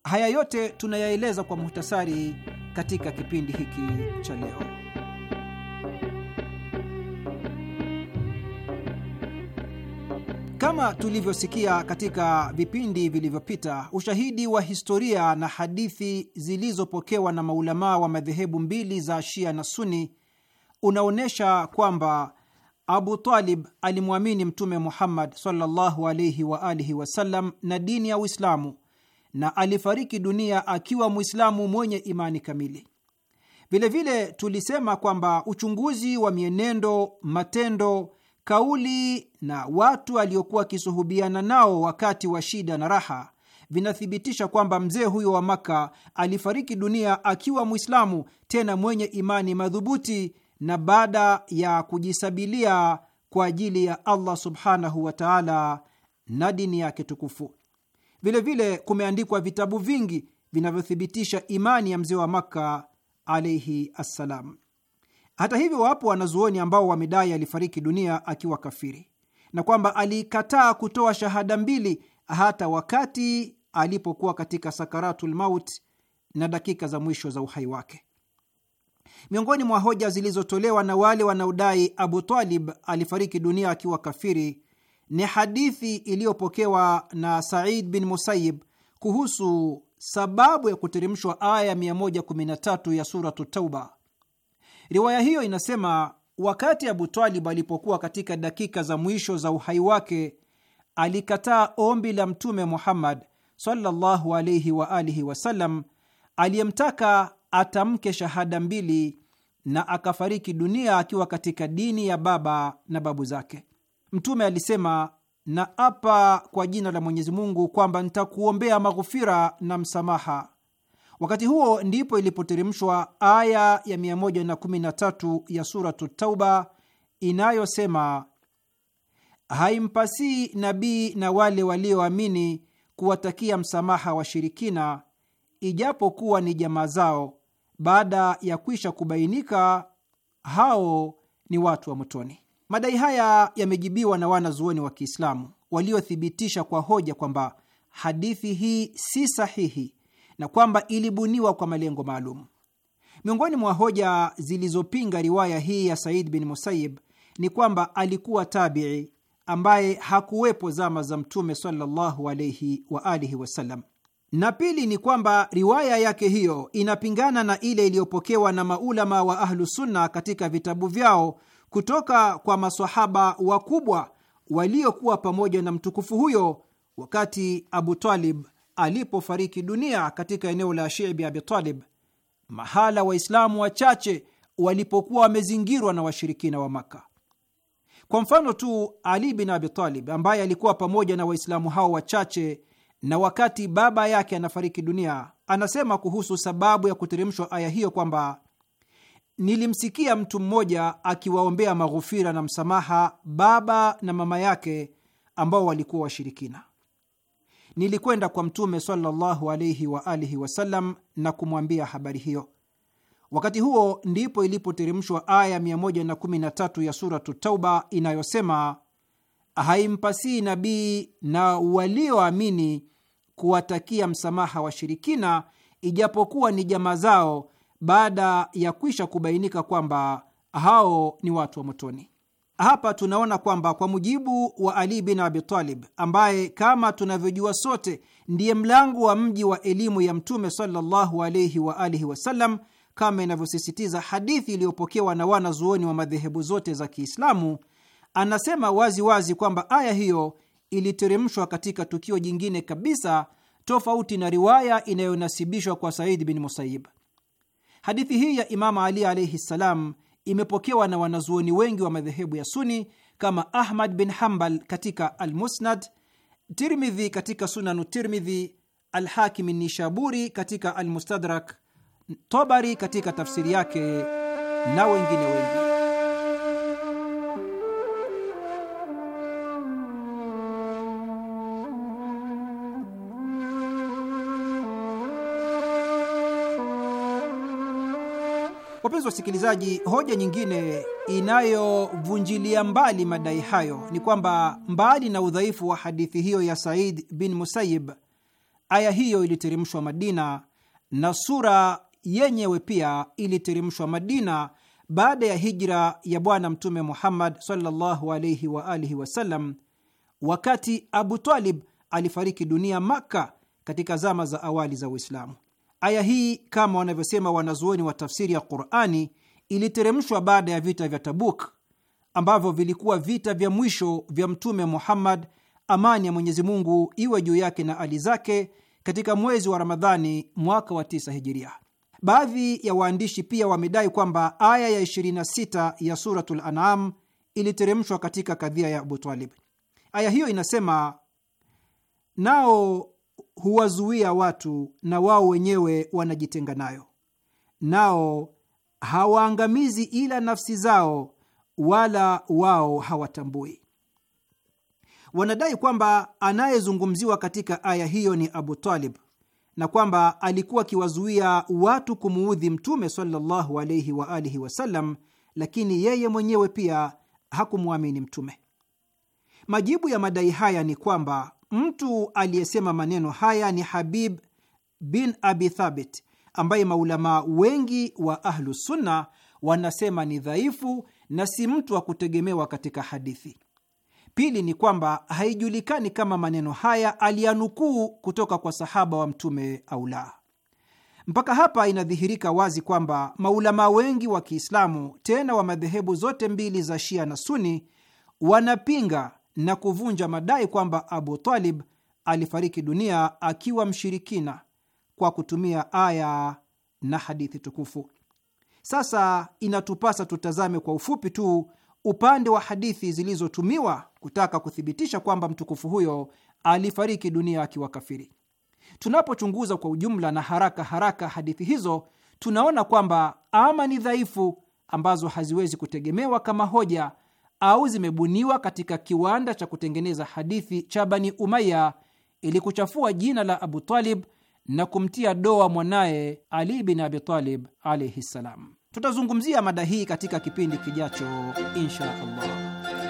Haya yote tunayaeleza kwa muhtasari katika kipindi hiki cha leo. Kama tulivyosikia katika vipindi vilivyopita, ushahidi wa historia na hadithi zilizopokewa na maulamaa wa madhehebu mbili za Shia na Suni unaonyesha kwamba Abu Talib alimwamini Mtume Muhammad sallallahu alaihi wa alihi wasallam na dini ya Uislamu na alifariki dunia akiwa Mwislamu mwenye imani kamili. Vilevile tulisema kwamba uchunguzi wa mienendo, matendo, kauli na watu aliokuwa akisuhubiana nao wakati wa shida na raha vinathibitisha kwamba mzee huyo wa makka alifariki dunia akiwa Mwislamu, tena mwenye imani madhubuti na baada ya kujisabilia kwa ajili ya Allah subhanahu wa taala na dini yake tukufu. Vilevile kumeandikwa vitabu vingi vinavyothibitisha imani ya mzee wa Makka alaihi assalam. Hata hivyo, wapo wanazuoni ambao wamedai alifariki dunia akiwa kafiri na kwamba aliikataa kutoa shahada mbili hata wakati alipokuwa katika sakaratul maut na dakika za mwisho za uhai wake. Miongoni mwa hoja zilizotolewa na wale wanaodai Abu Talib alifariki dunia akiwa kafiri ni hadithi iliyopokewa na Said bin Musayib kuhusu sababu ya kuteremshwa aya 113 ya Suratu Tauba. Riwaya hiyo inasema, wakati Abu Talib alipokuwa katika dakika za mwisho za uhai wake, alikataa ombi la Mtume Muhammad sallallahu wa alihi wasallam aliyemtaka atamke shahada mbili na akafariki dunia akiwa katika dini ya baba na babu zake. Mtume alisema, na apa kwa jina la Mwenyezi Mungu kwamba nitakuombea maghufira na msamaha. Wakati huo ndipo ilipoteremshwa aya ya 113 ya Suratu Tauba inayosema, haimpasii nabii na wale walioamini kuwatakia msamaha washirikina, ijapokuwa ni jamaa zao, baada ya kwisha kubainika hao ni watu wa motoni. Madai haya yamejibiwa na wanazuoni wa Kiislamu waliothibitisha kwa hoja kwamba hadithi hii si sahihi na kwamba ilibuniwa kwa malengo maalum. Miongoni mwa hoja zilizopinga riwaya hii ya Said bin Musayib ni kwamba alikuwa tabii ambaye hakuwepo zama za Mtume sallallahu alaihi wa alihi wasallam, na pili ni kwamba riwaya yake hiyo inapingana na ile iliyopokewa na maulama wa Ahlusunna katika vitabu vyao kutoka kwa masahaba wakubwa waliokuwa pamoja na mtukufu huyo wakati Abu Talib alipofariki dunia katika eneo la Shibi Abi Talib, mahala Waislamu wachache walipokuwa wamezingirwa na washirikina wa Maka. Kwa mfano tu, Ali bin Abi Talib ambaye alikuwa pamoja na Waislamu hao wachache, na wakati baba yake anafariki dunia, anasema kuhusu sababu ya kuteremshwa aya hiyo kwamba nilimsikia mtu mmoja akiwaombea maghufira na msamaha baba na mama yake ambao walikuwa washirikina. Nilikwenda kwa Mtume sallallahu alaihi wa alihi wasallam na kumwambia habari hiyo. Wakati huo ndipo ilipoteremshwa aya 113 ya Suratu Tauba inayosema, haimpasii nabii na walioamini kuwatakia msamaha washirikina, ijapokuwa ni jamaa zao baada ya kwisha kubainika kwamba hao ni watu wa motoni. Hapa tunaona kwamba kwa mujibu wa Ali bin Abi Talib, ambaye kama tunavyojua sote ndiye mlango wa mji wa elimu ya Mtume sallallahu alaihi wa alihi wasallam, kama inavyosisitiza hadithi iliyopokewa na wanazuoni wa madhehebu zote za Kiislamu, anasema waziwazi wazi kwamba aya hiyo iliteremshwa katika tukio jingine kabisa tofauti na riwaya inayonasibishwa kwa Said bin Musayib. Hadithi hii ya Imamu Ali alaihi ssalam imepokewa na wanazuoni wengi wa madhehebu ya Suni kama Ahmad bin Hambal katika Almusnad, Tirmidhi katika Sunanu Tirmidhi, Alhakimi Nishaburi katika Almustadrak, Tobari katika tafsiri yake na wengine wengi. Wapenzi wasikilizaji, hoja nyingine inayovunjilia mbali madai hayo ni kwamba mbali na udhaifu wa hadithi hiyo ya Said bin Musayib, aya hiyo iliteremshwa Madina na sura yenyewe pia iliteremshwa Madina baada ya hijra ya Bwana Mtume Muhammad sallallahu alaihi wa alihi wasallam, wakati Abu Talib alifariki dunia Makka katika zama za awali za Uislamu. Aya hii kama wanavyosema wanazuoni wa tafsiri ya Qurani iliteremshwa baada ya vita vya Tabuk ambavyo vilikuwa vita vya mwisho vya Mtume Muhammad, amani ya Mwenyezi Mungu iwe juu yake na ali zake, katika mwezi wa Ramadhani mwaka wa tisa Hijiria. Baadhi ya waandishi pia wamedai kwamba aya ya 26 ya Suratul An'am iliteremshwa katika kadhia ya Abu Talib. Aya hiyo inasema, nao huwazuia watu na wao wenyewe wanajitenga nayo, nao hawaangamizi ila nafsi zao, wala wao hawatambui. Wanadai kwamba anayezungumziwa katika aya hiyo ni Abu Talib na kwamba alikuwa akiwazuia watu kumuudhi Mtume sallallahu alaihi wa alihi wasallam, lakini yeye mwenyewe pia hakumwamini Mtume. Majibu ya madai haya ni kwamba Mtu aliyesema maneno haya ni Habib bin Abi Thabit, ambaye maulamaa wengi wa Ahlusunna wanasema ni dhaifu na si mtu wa kutegemewa katika hadithi. Pili ni kwamba haijulikani kama maneno haya aliyanukuu kutoka kwa sahaba wa Mtume au la. Mpaka hapa inadhihirika wazi kwamba maulamaa wengi wa Kiislamu, tena wa madhehebu zote mbili za Shia na Suni, wanapinga na kuvunja madai kwamba Abu Talib alifariki dunia akiwa mshirikina kwa kutumia aya na hadithi tukufu. Sasa inatupasa tutazame kwa ufupi tu upande wa hadithi zilizotumiwa kutaka kuthibitisha kwamba mtukufu huyo alifariki dunia akiwa kafiri. Tunapochunguza kwa ujumla na haraka haraka hadithi hizo, tunaona kwamba ama ni dhaifu ambazo haziwezi kutegemewa kama hoja au zimebuniwa katika kiwanda cha kutengeneza hadithi cha Bani Umaya ili kuchafua jina la Abu Talib na kumtia doa mwanaye Ali bin Abi Talib alaihi ssalam. Tutazungumzia mada hii katika kipindi kijacho, insha Allah.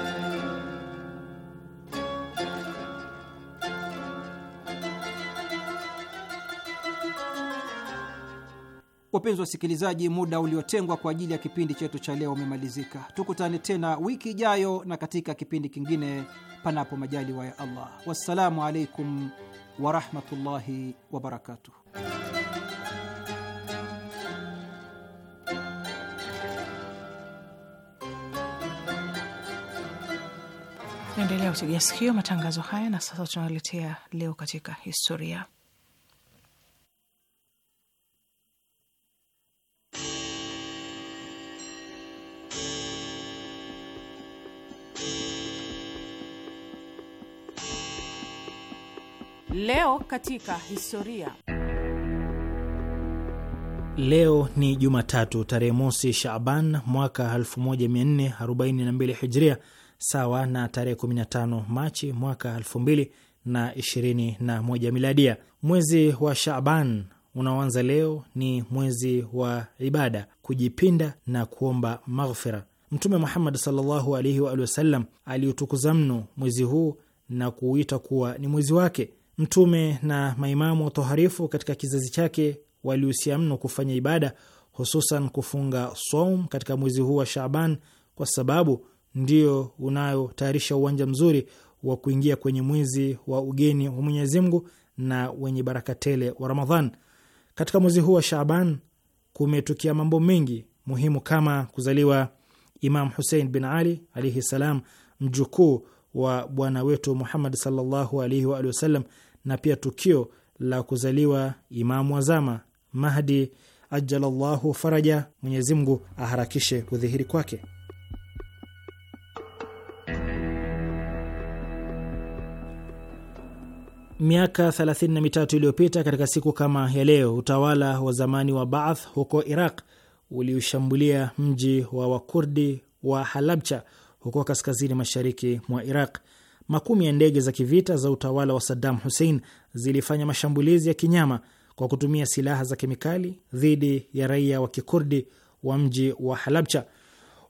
Wapenzi wasikilizaji, muda uliotengwa kwa ajili ya kipindi chetu cha leo umemalizika. Tukutane tena wiki ijayo na katika kipindi kingine, panapo majaliwa ya Allah. Wassalamu alaikum warahmatullahi wabarakatuh. Naendelea kutegea sikio matangazo haya, na sasa tunaletea leo katika historia. Leo katika historia. Leo ni Jumatatu tarehe mosi Shaban mwaka 1442 Hijria, sawa na tarehe 15 Machi mwaka 2021 Miladia. Mwezi wa Shaban unaoanza leo ni mwezi wa ibada, kujipinda na kuomba maghfira. Mtume Muhammad sallallahu alaihi wa alihi wasallam aliutukuza mno mwezi huu na kuuita kuwa ni mwezi wake. Mtume na maimamu watoharifu katika kizazi chake walihusia mno kufanya ibada, hususan kufunga som katika mwezi huu wa shaban kwa sababu ndio unayotayarisha uwanja mzuri wa kuingia kwenye mwezi wa ugeni wa Mwenyezi Mungu na wenye baraka tele wa Ramadhan. Katika mwezi huu wa shaban kumetukia mambo mengi muhimu kama kuzaliwa Imam Husein bin Ali alaihi salam, mjukuu wa bwana wetu Muhammad sallallahu alaihi wa alihi wasallam na pia tukio la kuzaliwa Imamu Azama Mahdi ajalallahu faraja, Mwenyezi Mungu aharakishe kudhihiri kwake. Miaka 33 iliyopita katika siku kama ya leo, utawala wa zamani wa Baath huko Iraq uliushambulia mji wa Wakurdi wa Halabcha huko kaskazini mashariki mwa Iraq makumi ya ndege za kivita za utawala wa Saddam Hussein zilifanya mashambulizi ya kinyama kwa kutumia silaha za kemikali dhidi ya raia wa kikurdi wa mji wa Halabcha.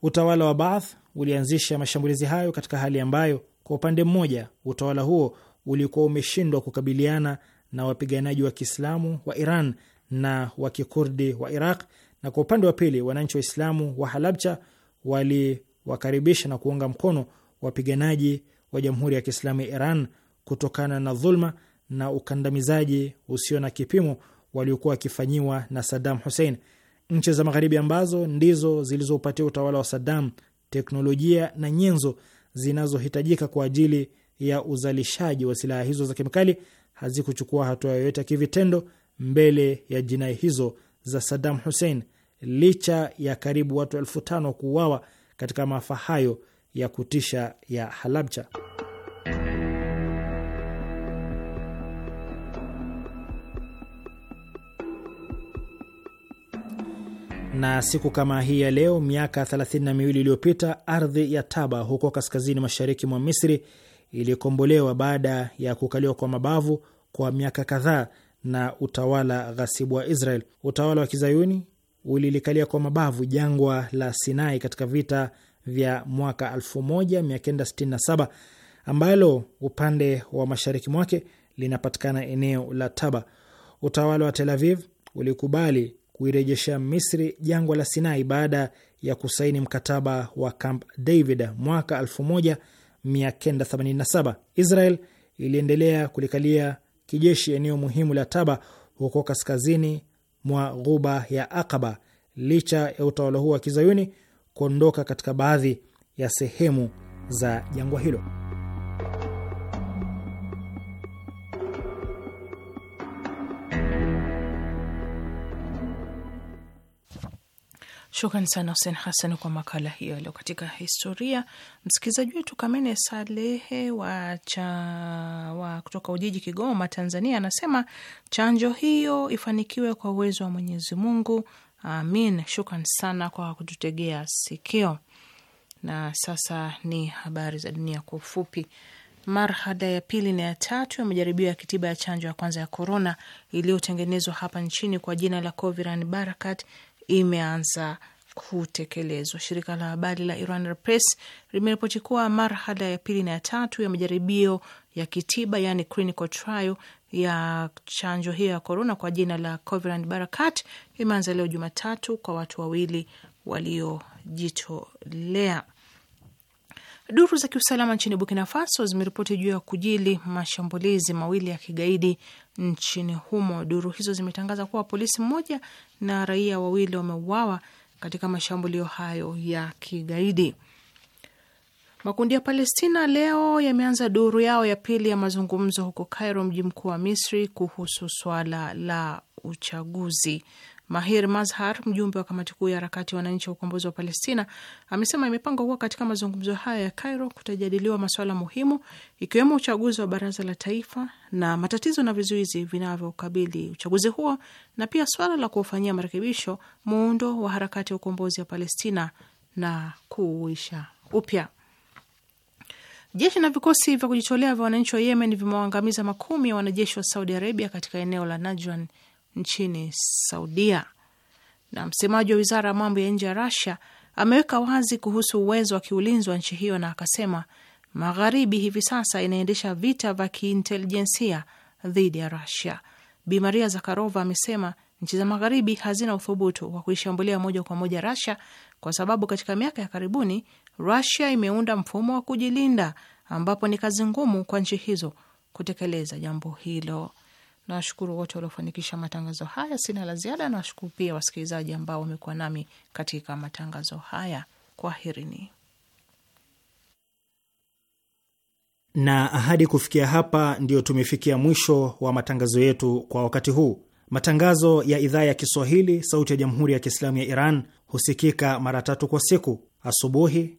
Utawala wa Baath ulianzisha mashambulizi hayo katika hali ambayo kwa upande mmoja utawala huo ulikuwa umeshindwa kukabiliana na wapiganaji wa Kiislamu wa Iran na wa Kikurdi wa Iraq, na kwa upande wa pili wananchi Waislamu wa Halabcha waliwakaribisha na kuunga mkono wapiganaji wa Jamhuri ya Kiislamu ya Iran kutokana na dhulma na ukandamizaji usio na kipimo waliokuwa wakifanyiwa na Saddam Hussein. Nchi za Magharibi ambazo ndizo zilizoupatia utawala wa Saddam teknolojia na nyenzo zinazohitajika kwa ajili ya uzalishaji wa silaha hizo za kemikali hazikuchukua hatua yoyote ya kivitendo mbele ya jinai hizo za Saddam Hussein licha ya karibu watu elfu tano kuuawa katika maafa hayo ya kutisha ya Halabja. Na siku kama hii ya leo miaka thelathini na miwili iliyopita ardhi ya Taba huko kaskazini mashariki mwa Misri ilikombolewa baada ya kukaliwa kwa mabavu kwa miaka kadhaa na utawala ghasibu wa Israel. Utawala wa kizayuni ulilikalia kwa mabavu jangwa la Sinai katika vita vya mwaka 1967 ambalo upande wa mashariki mwake linapatikana eneo la Taba. Utawala wa Tel Aviv ulikubali kuirejeshea Misri jangwa la Sinai baada ya kusaini mkataba wa Camp David mwaka 1987. Israel iliendelea kulikalia kijeshi eneo muhimu la Taba huko kaskazini mwa ghuba ya Akaba licha ya utawala huo wa kizayuni kuondoka katika baadhi ya sehemu za jangwa hilo. Shukran sana Hussein Hassan kwa makala hiyo leo katika historia. Msikilizaji wetu Kamene Salehe wa, cha, wa kutoka Ujiji, Kigoma, Tanzania, anasema chanjo hiyo ifanikiwe kwa uwezo wa Mwenyezi Mungu. Amin. Shukran sana kwa kututegea sikio. Na sasa ni habari za dunia kwa ufupi. Marhada ya pili na ya tatu ya majaribio ya kitiba ya chanjo ya kwanza ya korona iliyotengenezwa hapa nchini kwa jina la Coviran Barakat imeanza kutekelezwa. Shirika la habari la Iran Press limeripoti kuwa marhala ya pili na ya tatu ya majaribio ya kitiba, yani clinical trial, ya chanjo hiyo ya korona kwa jina la Coviran Barakat imeanza leo Jumatatu kwa watu wawili waliojitolea. Duru za kiusalama nchini Burkina Faso zimeripoti juu ya kujili mashambulizi mawili ya kigaidi nchini humo. Duru hizo zimetangaza kuwa polisi mmoja na raia wawili wameuawa katika mashambulio hayo ya kigaidi. Makundi ya Palestina leo yameanza duru yao ya pili ya mazungumzo huko Cairo, mji mkuu wa Misri, kuhusu swala la uchaguzi. Mahir Mazhar, mjumbe wa kamati kuu ya harakati ya wananchi wa ukombozi wa Palestina, amesema imepangwa kuwa katika mazungumzo hayo ya Cairo kutajadiliwa masuala muhimu ikiwemo uchaguzi wa baraza la taifa na matatizo na vizuizi vinavyokabili uchaguzi huo na pia swala la kuufanyia marekebisho muundo wa harakati ya ukombozi wa Palestina na kuuisha upya. Jeshi na vikosi vya kujitolea vya wananchi wa Yemen vimewaangamiza makumi ya wanajeshi wa Saudi Arabia katika eneo la Najran nchini Saudia. Na msemaji wa wizara ya mambo ya nje ya Rasia ameweka wazi kuhusu uwezo wa kiulinzi wa nchi hiyo na akasema Magharibi hivi sasa inaendesha vita vya kiintelijensia dhidi ya Rasia. Bi Maria Zakharova amesema nchi za Magharibi hazina uthubutu wa kuishambulia moja kwa moja Rasia kwa sababu katika miaka ya karibuni Rusia imeunda mfumo wa kujilinda ambapo ni kazi ngumu kwa nchi hizo kutekeleza jambo hilo. Nawashukuru wote waliofanikisha matangazo haya. Sina la ziada. Nawashukuru pia wasikilizaji ambao wamekuwa nami katika matangazo haya. Kwaherini na ahadi. Kufikia hapa, ndiyo tumefikia mwisho wa matangazo yetu kwa wakati huu. Matangazo ya idhaa ya Kiswahili, Sauti ya Jamhuri ya Kiislamu ya Iran husikika mara tatu kwa siku: asubuhi,